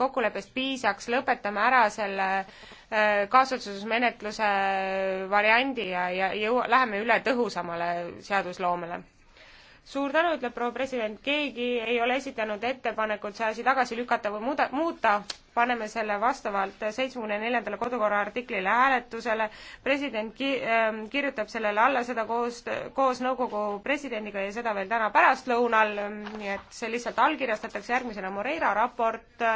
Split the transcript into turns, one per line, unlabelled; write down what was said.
kokkuleppest piisaks, lõpetame ära selle äh, kaasotsusmenetluse äh, variandi ja, ja jõu-, läheme üle tõhusamale seadusloomele suur tänu, ütleb proua president, keegi ei ole esitanud ettepanekut see asi tagasi lükata või muuda, muuta. paneme selle vastavalt seitsmekümne neljandale kodukorra artiklile hääletusele. president ki-, äh, kirjutab sellele alla seda koos, koos nõukogu presidendiga ja seda veel täna pärastlõunal, nii et see lihtsalt allkirjastatakse, järgmisena Moreira raport